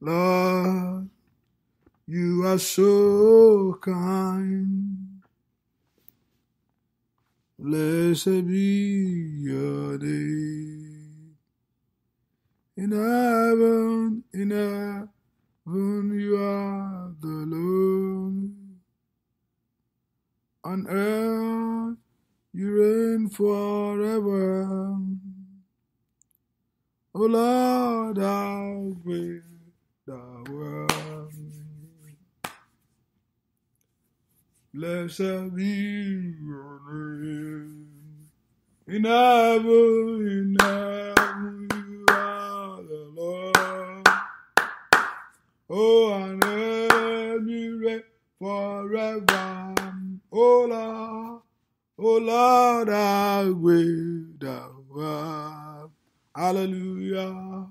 Lord, you are so kind. Blessed be your name. In heaven, in heaven, you are the Lord. On earth, you reign forever. O oh, Lord, how pray the world. Blessed be your name. In heaven, in heaven, you are the Lord. Oh, and everywhere forever. Oh, Lord, oh, Lord, I will the world. Hallelujah.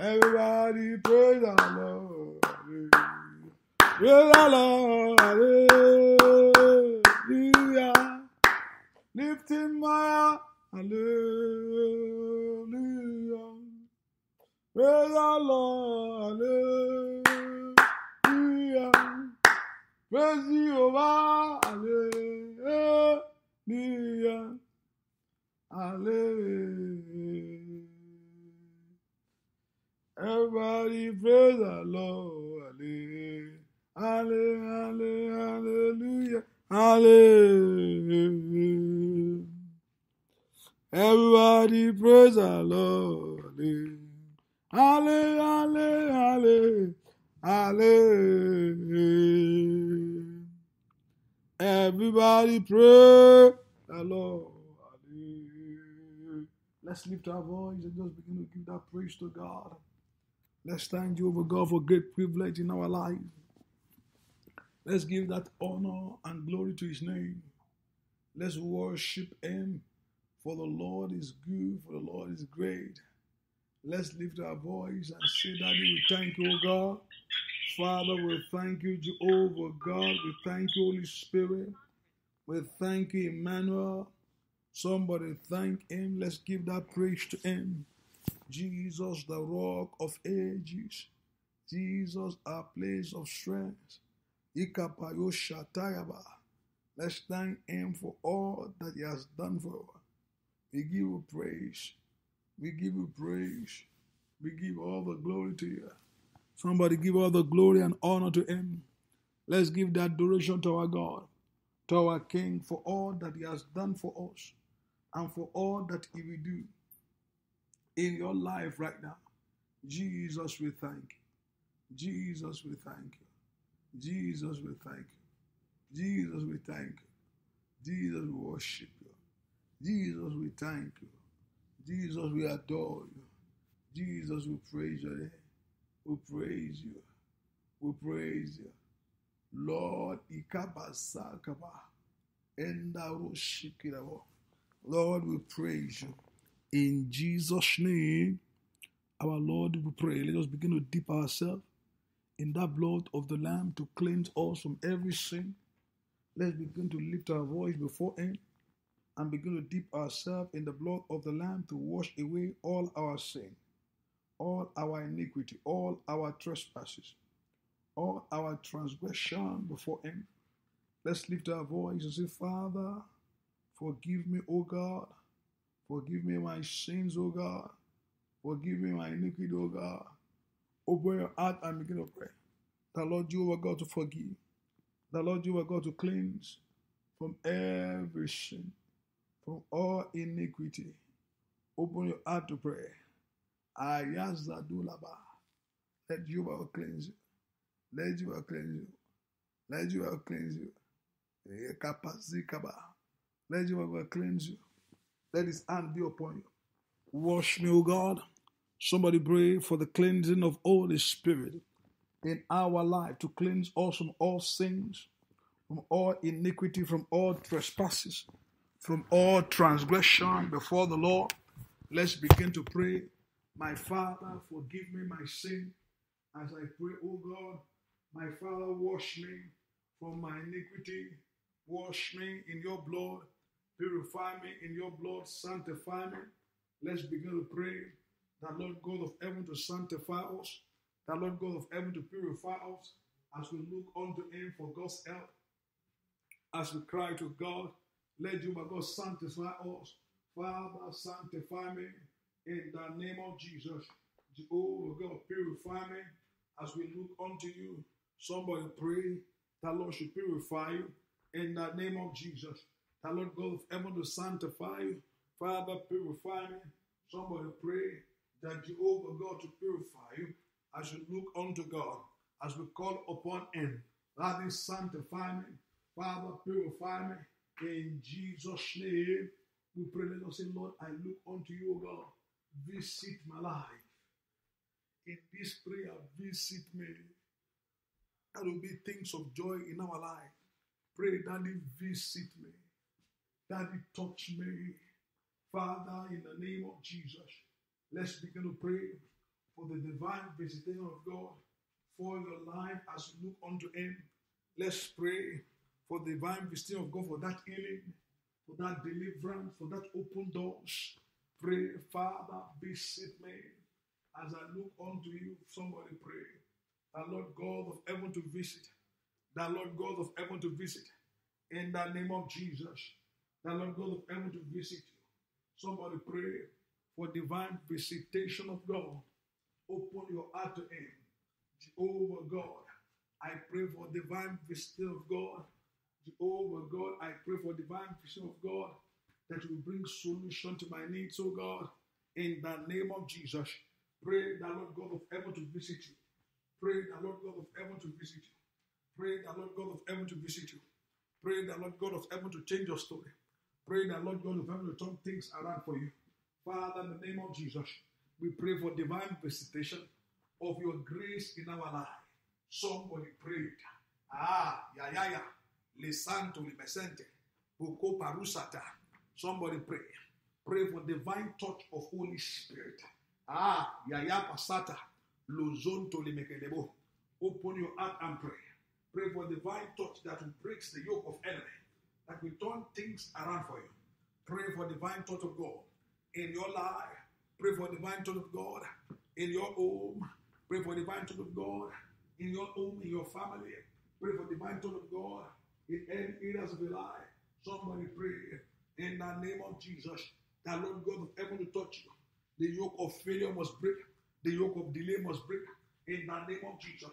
Everybody praise the Lord. Praise the Lord. Hallelujah. Lifting my hallelujah. Praise the Lord. Hallelujah. Praise Jehovah. Hallelujah. Hallelujah. Everybody praise the Lord. Hallelujah. Hallelujah. Hallelujah. Everybody praise the Lord. Hallelujah. Hallelujah. Hallelujah. Everybody pray the Lord. Let's lift our voice and just begin to give that praise to God. Let's thank over God for great privilege in our life. Let's give that honor and glory to His name. Let's worship Him, for the Lord is good, for the Lord is great. Let's lift our voice and say, Daddy, we thank you, o God. Father, we thank you, Jehovah God. We thank you, Holy Spirit. We thank you, Emmanuel. Somebody thank Him. Let's give that praise to Him. Jesus, the rock of ages. Jesus, our place of strength. Let's thank Him for all that He has done for us. We give you praise. We give you praise. We give all the glory to you. Somebody give all the glory and honor to Him. Let's give that adoration to our God, to our King, for all that He has done for us and for all that He will do in your life right now. Jesus, we thank you. Jesus, we thank you. Jesus, we thank you. Jesus, we thank you. Jesus, we worship you. Jesus, we thank you. Jesus, we adore you. Jesus, we praise your name. We praise you. We praise you. Lord, Lord, we praise you. In Jesus' name, our Lord, we pray. Let us begin to dip ourselves in that blood of the Lamb to cleanse us from every sin. Let's begin to lift our voice before Him and begin to dip ourselves in the blood of the Lamb to wash away all our sin, all our iniquity, all our trespasses, all our transgression before Him. Let's lift our voice and say, Father, forgive me, O God Forgive me my sins, O God. Forgive me my iniquity, O God. Open your heart and begin to pray. The Lord you are God to forgive. The Lord you are God to cleanse from every sin, from all iniquity. Open your heart to pray. Ayazadulaba. Let you Jehovah cleanse you. Let Jehovah cleanse you. Let Jehovah cleanse you. Let Jehovah cleanse you. Let his hand be upon you. Wash me, O God. Somebody pray for the cleansing of Holy Spirit in our life to cleanse us from all sins, from all iniquity, from all trespasses, from all transgression before the Lord. Let's begin to pray. My Father, forgive me my sin as I pray, O God. My Father, wash me from my iniquity. Wash me in your blood. Purify me in your blood, sanctify me. Let's begin to pray that Lord God of heaven to sanctify us, that Lord God of heaven to purify us as we look unto Him for God's help, as we cry to God, let you, my God, sanctify us. Father, sanctify me in the name of Jesus. Oh God, purify me as we look unto you. Somebody pray that Lord should purify you in the name of Jesus. That Lord God I want to sanctify you. Father, purify me. Somebody pray that Jehovah God to purify you I should look unto God, as we call upon Him. That is sanctify me. Father, purify me. In Jesus' name, we pray. Let us say, Lord, I look unto you, O God. Visit my life. In this prayer, visit me. There will be things of joy in our life. Pray, Daddy, visit me. Daddy, touch me. Father, in the name of Jesus, let's begin to pray for the divine visitation of God for your life as you look unto Him. Let's pray for the divine visitation of God for that healing, for that deliverance, for that open doors. Pray, Father, visit me as I look unto you. Somebody pray. The Lord God of heaven to visit. The Lord God of heaven to visit. In the name of Jesus that I'm going, to, to visit you. Somebody pray for divine visitation of God. Open your heart to Him. Jehovah God, I pray for divine visitation of God. Jehovah God, I pray for divine visitation of God that will bring solution to my needs, oh God, in the name of Jesus. Pray the Lord God of heaven to visit you. Pray the Lord God of heaven to visit you. Pray the Lord God of heaven to visit you. Pray the Lord God of heaven to change your story. Pray that Lord God will help to turn things around for you. Father, in the name of Jesus, we pray for divine visitation of your grace in our life. Somebody prayed. Ah, ya ya ya. Lisanto limesente. Buko parusata. Somebody pray. Pray for divine touch of Holy Spirit. Ah, yaya pasata. Luzonto limekelebo. Open your heart and pray. Pray for divine touch that will break the yoke of enemy that will turn things around for you. Pray for divine touch of God in your life. Pray for divine touch of God in your home. Pray for divine touch of God in your home, in your family. Pray for divine touch of God in any areas of your life. Somebody pray in the name of Jesus that Lord God of heaven will touch you. The yoke of failure must break. The yoke of delay must break. In the name of Jesus,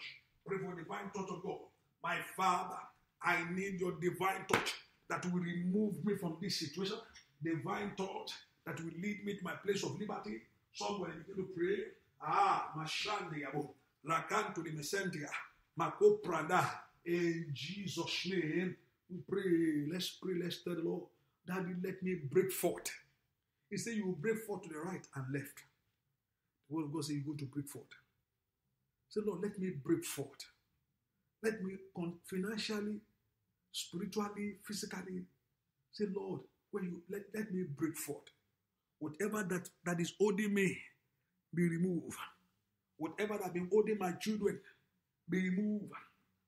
pray for divine touch of God. My Father, I need your divine touch that will remove me from this situation, divine thought that will lead me to my place of liberty. Somebody begin to pray. Ah, Mashandi Yabo, Rakanto de Messentia, Mako Prada, in Jesus' name. We pray, let's pray, let's tell the Lord, Daddy, let me break forth. He said, You will break forth to the right and left. The word of God said, You're going to break forth. Say, Lord, let me break forth. Let me financially spiritually, physically. Say, Lord, when you let, let me break forth. Whatever that, that is holding me, be removed. Whatever that been holding my children, be removed.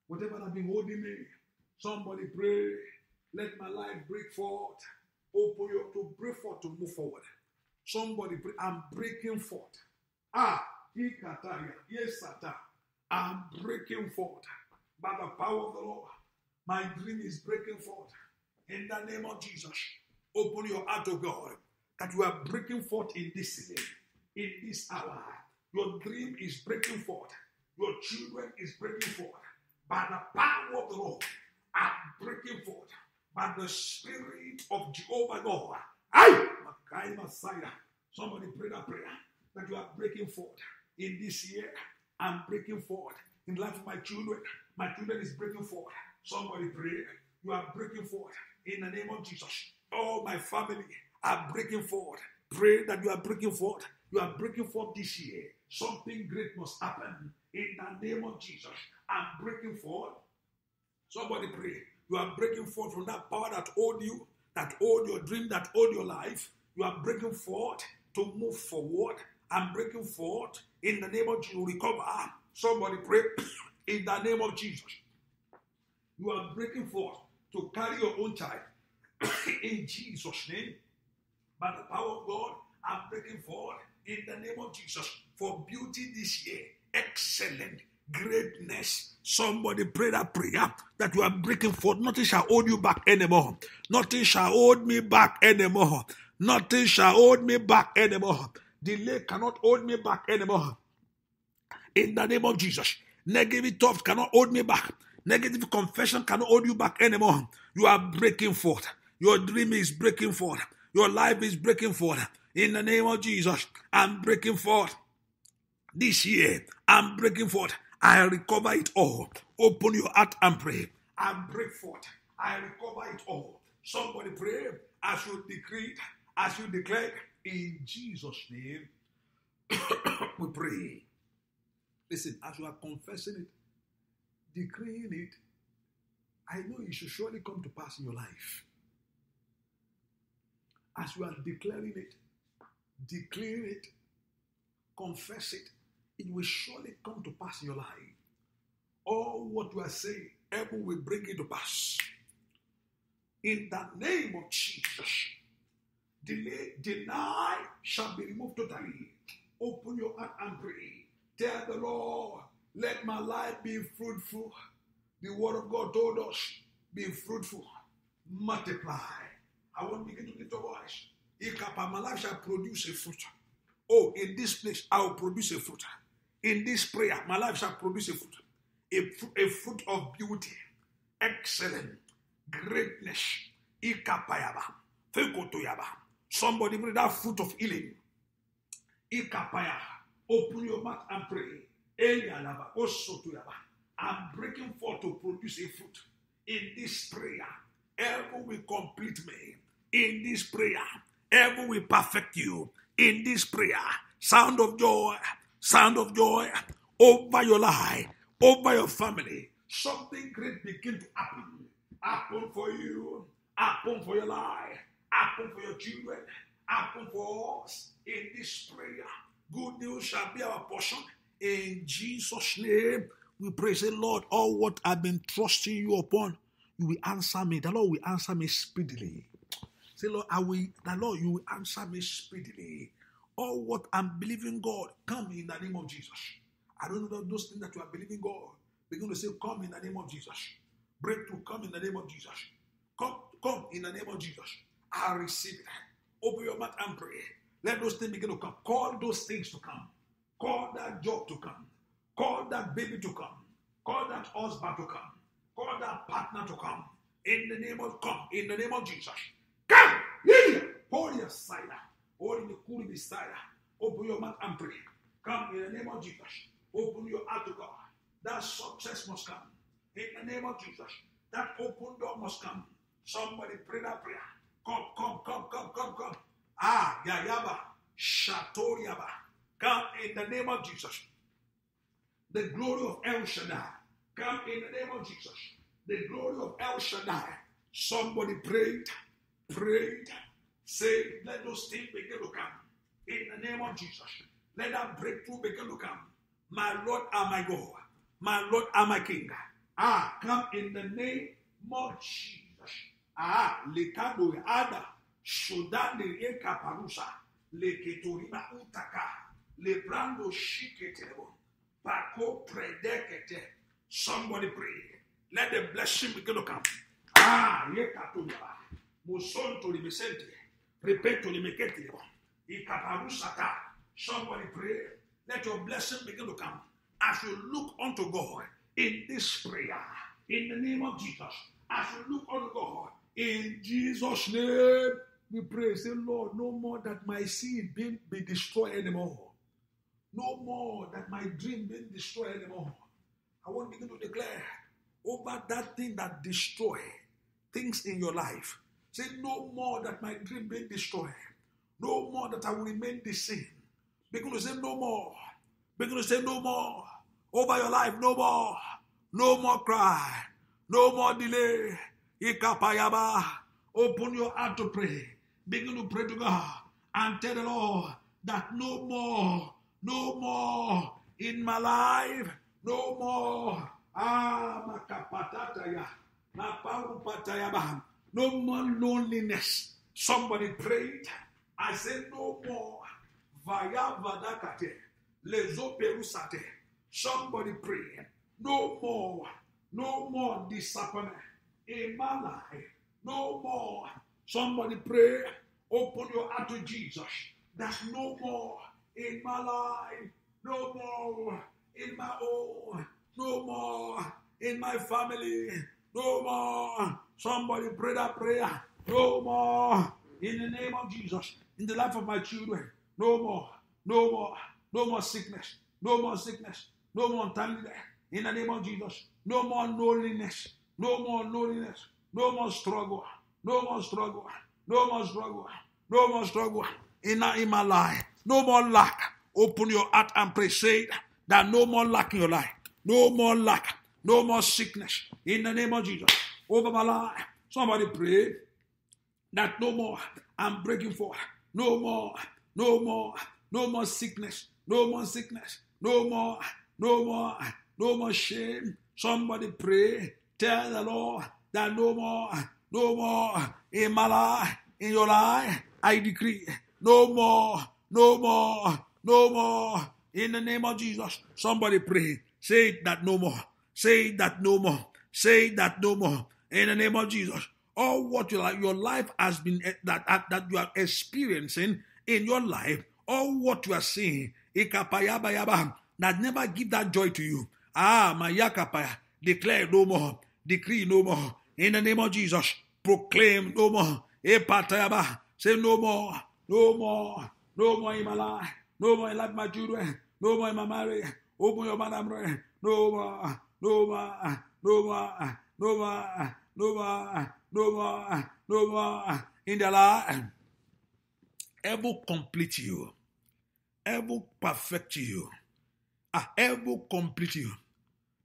Whatever that been holding me, somebody pray. Let my life break forth. Open your to break forth to move forward. Somebody pray. I'm breaking forth. Ah, yes, Satan. I'm breaking forth by the power of the Lord. My dream is breaking forth. In the name of Jesus, open your heart to God that you are breaking forth in this season, in this hour. Your dream is breaking forth. Your children is breaking forth. By the power of the Lord, I'm breaking forth. By the Spirit of Jehovah God, I, Makai Messiah, somebody pray that prayer that you are breaking forth in this year. I'm breaking forth in life of my children. My children is breaking forth. Somebody pray. You are breaking forth in the name of Jesus. Oh, my family are breaking forth. Pray that you are breaking forth. You are breaking forth this year. Something great must happen in the name of Jesus. I'm breaking forth. Somebody pray. You are breaking forth from that power that owed you, that owed your dream, that owed your life. You are breaking forth to move forward. I'm breaking forth in the name of Jesus. Recover. Somebody pray in the name of Jesus. You are breaking forth to carry your own child in Jesus' name. By the power of God, I'm breaking forth in the name of Jesus for beauty this year. Excellent greatness. Somebody pray that prayer that you are breaking forth. Nothing shall hold you back anymore. Nothing shall hold me back anymore. Nothing shall hold me back anymore. Delay cannot hold me back anymore. In the name of Jesus, negative thoughts cannot hold me back. Negative confession cannot hold you back anymore. You are breaking forth. Your dream is breaking forth. Your life is breaking forth. In the name of Jesus, I'm breaking forth. This year, I'm breaking forth. I recover it all. Open your heart and pray. I break forth. I recover it all. Somebody pray as you decree, as you declare. In Jesus' name, we pray. Listen, as you are confessing it, decreeing it, I know it should surely come to pass in your life. As you are declaring it, declare it, confess it, it will surely come to pass in your life. All what you are saying, heaven will bring it to pass. In the name of Jesus, delay, deny shall be removed totally. Open your heart and pray. Tell the Lord, let my life be fruitful. The word of God told us, be fruitful, multiply. I won't begin to lift a voice. My life shall produce a fruit. Oh, in this place, I will produce a fruit. In this prayer, my life shall produce a fruit. A, a fruit of beauty, excellent, greatness. Ikapayaba. Fekotoyaba. Somebody bring that fruit of healing. Ikapaya. Open your mouth and pray. I'm breaking forth to produce a fruit in this prayer. Heaven will complete me in this prayer. Heaven will perfect you in this prayer. Sound of joy, sound of joy over your life, over your family. Something great begin to happen. Happen for you, happen for your life, happen for your children, happen for us in this prayer. Good news shall be our portion in Jesus' name, we praise the Lord. All what I've been trusting you upon, you will answer me. The Lord will answer me speedily. Say, Lord, I will, the Lord, you will answer me speedily. All what I'm believing God, come in the name of Jesus. I don't know those things that you are believing God. Begin to say, come in the name of Jesus. Breakthrough, come in the name of Jesus. Come, come in the name of Jesus. I receive it. Open your mouth and pray. Let those things begin to come. Call those things to come. Call that job to come. Call that baby to come. Call that husband to come. Call that partner to come. In the name of come. In the name of Jesus. Come. Hold your cider. Hold the cool cider. Open your mouth and pray. Come in the name of Jesus. Open your heart to God. That success must come. In the name of Jesus. That open door must come. Somebody pray that prayer. Come, come, come, come, come, come. Ah, Yayaba. Shatoriaba come in the name of Jesus. The glory of El Shaddai, come in the name of Jesus. The glory of El Shaddai. Somebody prayed, prayed, say, let those things begin to come. In the name of Jesus, let that breakthrough begin to come. My Lord and my God, my Lord and my King. Ah, come in the name of Jesus. Ah, lekado ada, shodane ekaparusa, leketoriba utaka. Lebrando shiketebo. predekete. Somebody pray. Let the blessing begin to come. Ah, yekatuya. Muson to the mesente. Repent to the meketebo. Ikaparusata. Somebody pray. Let your blessing begin to come. As you look unto God in this prayer, in the name of Jesus, as you look unto God, in Jesus' name, we pray. Say, Lord, no more that my seed be, be destroyed anymore. No more that my dream didn't destroy anymore. I want to begin to declare over that thing that destroy things in your life. Say, no more that my dream being destroyed. No more that I will remain the same. Begin to say, no more. Begin to say, no more. Over your life, no more. No more cry. No more delay. Ikapayaba. Open your heart to pray. Begin to pray to God and tell the Lord that no more no more in my life. No more. Ah, no more loneliness. Somebody prayed. I said, No more. Somebody prayed. No more. No more disappointment in my life. No more. Somebody pray. Open your heart to Jesus. There's no more in my life, no more in my home, no more in my family, no more. Somebody pray that prayer, no more in the name of Jesus, in the life of my children, no more, no more, no more sickness, no more sickness, no more untimely in the name of Jesus, no more loneliness, no more loneliness, no more struggle, no more struggle, no more struggle, no more struggle in my life. No more lack. Open your heart and pray. Say that no more lack in your life. No more lack. No more sickness. In the name of Jesus. Over my life. Somebody pray that no more. I'm breaking forth. No more. No more. No more sickness. No more sickness. No more. No more. No more shame. Somebody pray. Tell the Lord that no more. No more. In my life. In your life. I decree. No more no more. No more. In the name of Jesus. Somebody pray. Say that no more. Say that no more. Say that no more. In the name of Jesus. All what you like, your life has been eh, that that you are experiencing in your life, all what you are seeing, that never give that joy to you. Ah, my yakapaya, declare no more, decree no more. In the name of Jesus, proclaim no more. Epatayaba, say no more, no more, No more in my life. No more in life, my children. No more in my marriage. Open your mouth, I'm ready. No more. No more. No more. No more. No more. No more. No more. In the life. Ever complete you. Ever perfect you. Ah, ever complete you.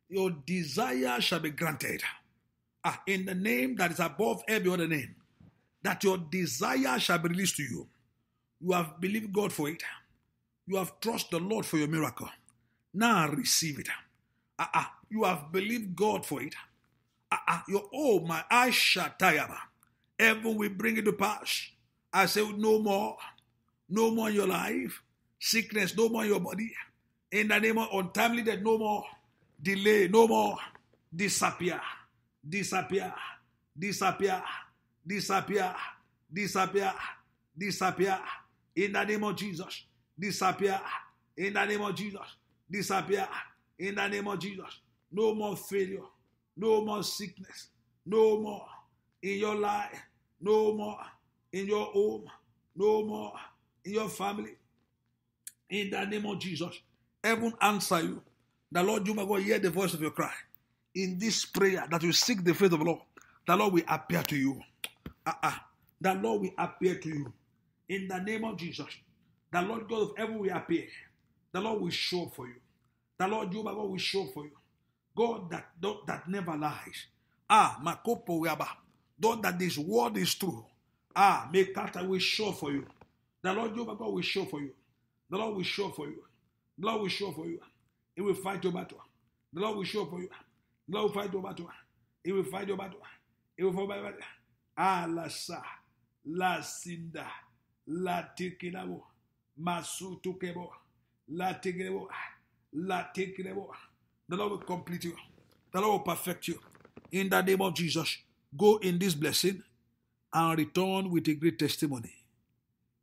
Your desire shall be granted. Ah, in the name that is above every other name. That your desire shall be released to you. You have believed God for it. You have trusted the Lord for your miracle. Now receive it. Uh-uh. You have believed God for it. Uh-uh. Your, oh, my eyes shall tire. Heaven will bring it to pass. I say, no more. No more in your life. Sickness, no more in your body. In the name of untimely death, no more. Delay, no more. Disappear. Disappear. Disappear. Disappear. Disappear. Disappear. disappear. In the name of Jesus, disappear. In the name of Jesus, disappear. In the name of Jesus, no more failure, no more sickness, no more in your life, no more in your home, no more in your family. In the name of Jesus, heaven answer you. The Lord, you may go hear the voice of your cry. In this prayer that you seek the faith of the Lord, the Lord will appear to you. Uh-uh. The Lord will appear to you. In the name of Jesus, the Lord God of heaven will appear. The Lord will show for you. The Lord Jehovah God will show for you. God that, that never lies. Ah, Makopo Don't that this word is true. Ah, Mekata will show for you. The Lord Jehovah God will show for you. The Lord will show for you. The Lord will show for you. He will fight your battle. The Lord will show for you. The Lord will fight your battle. He will fight your battle. He will fight your battle. Ah, Lassa. da. Latikinabo. Masutukebo. Latikinebo. Latikinebo. The Lord will complete you. The Lord will perfect you. In the name of Jesus, go in this blessing and return with a great testimony.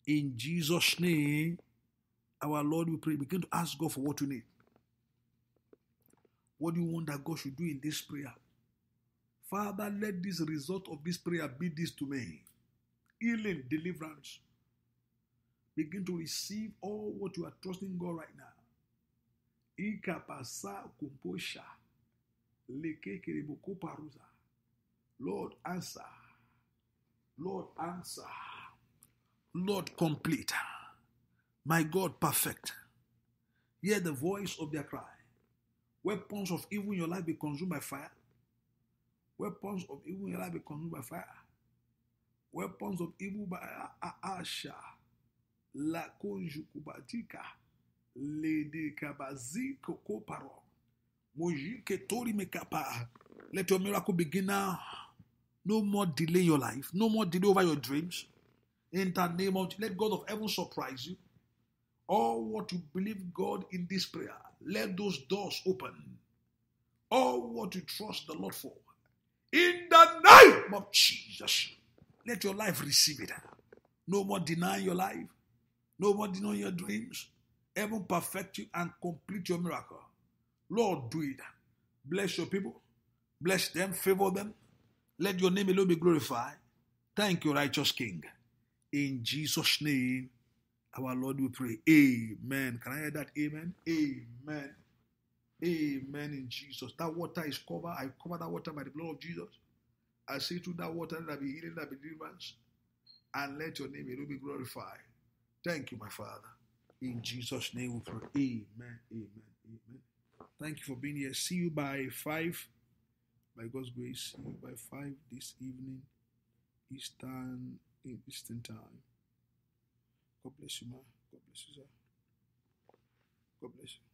In Jesus' name, our Lord, we pray. Begin to ask God for what you need. What do you want that God should do in this prayer? Father, let this result of this prayer be this to me healing, deliverance, Begin to receive all what you are trusting God right now. Ikapasa kumposha. Lekekereboko paruza. Lord, answer. Lord, answer. Lord, complete. My God, perfect. Hear the voice of their cry. Weapons of evil in your life be consumed by fire. Weapons of evil in your life be consumed by fire. Weapons of evil by Asha. Ah, ah, ah, la conjucubatica, le de kabaziko koparo, moji me kapa Let your miracle begin now. No more delay your life. No more delay over your dreams. In the name of let God of heaven surprise you. All what you believe God in this prayer, let those doors open. All what you trust the Lord for. In the name of Jesus, let your life receive it. No more denying your life. Nobody know your dreams. Heaven perfect you and complete your miracle. Lord, do it. Bless your people. Bless them. Favor them. Let your name alone be glorified. Thank you, righteous King. In Jesus' name, our Lord, we pray. Amen. Can I hear that? Amen. Amen. Amen. In Jesus. That water is covered. I cover that water by the blood of Jesus. I say to that water that be healing, that be deliverance. And let your name alone be glorified. Thank you, my Father. In Jesus' name we pray. Amen. Amen. Amen. Thank you for being here. See you by five. By God's grace, see you by five this evening, Eastern Eastern time. God bless you, man. God bless you, sir. God bless you.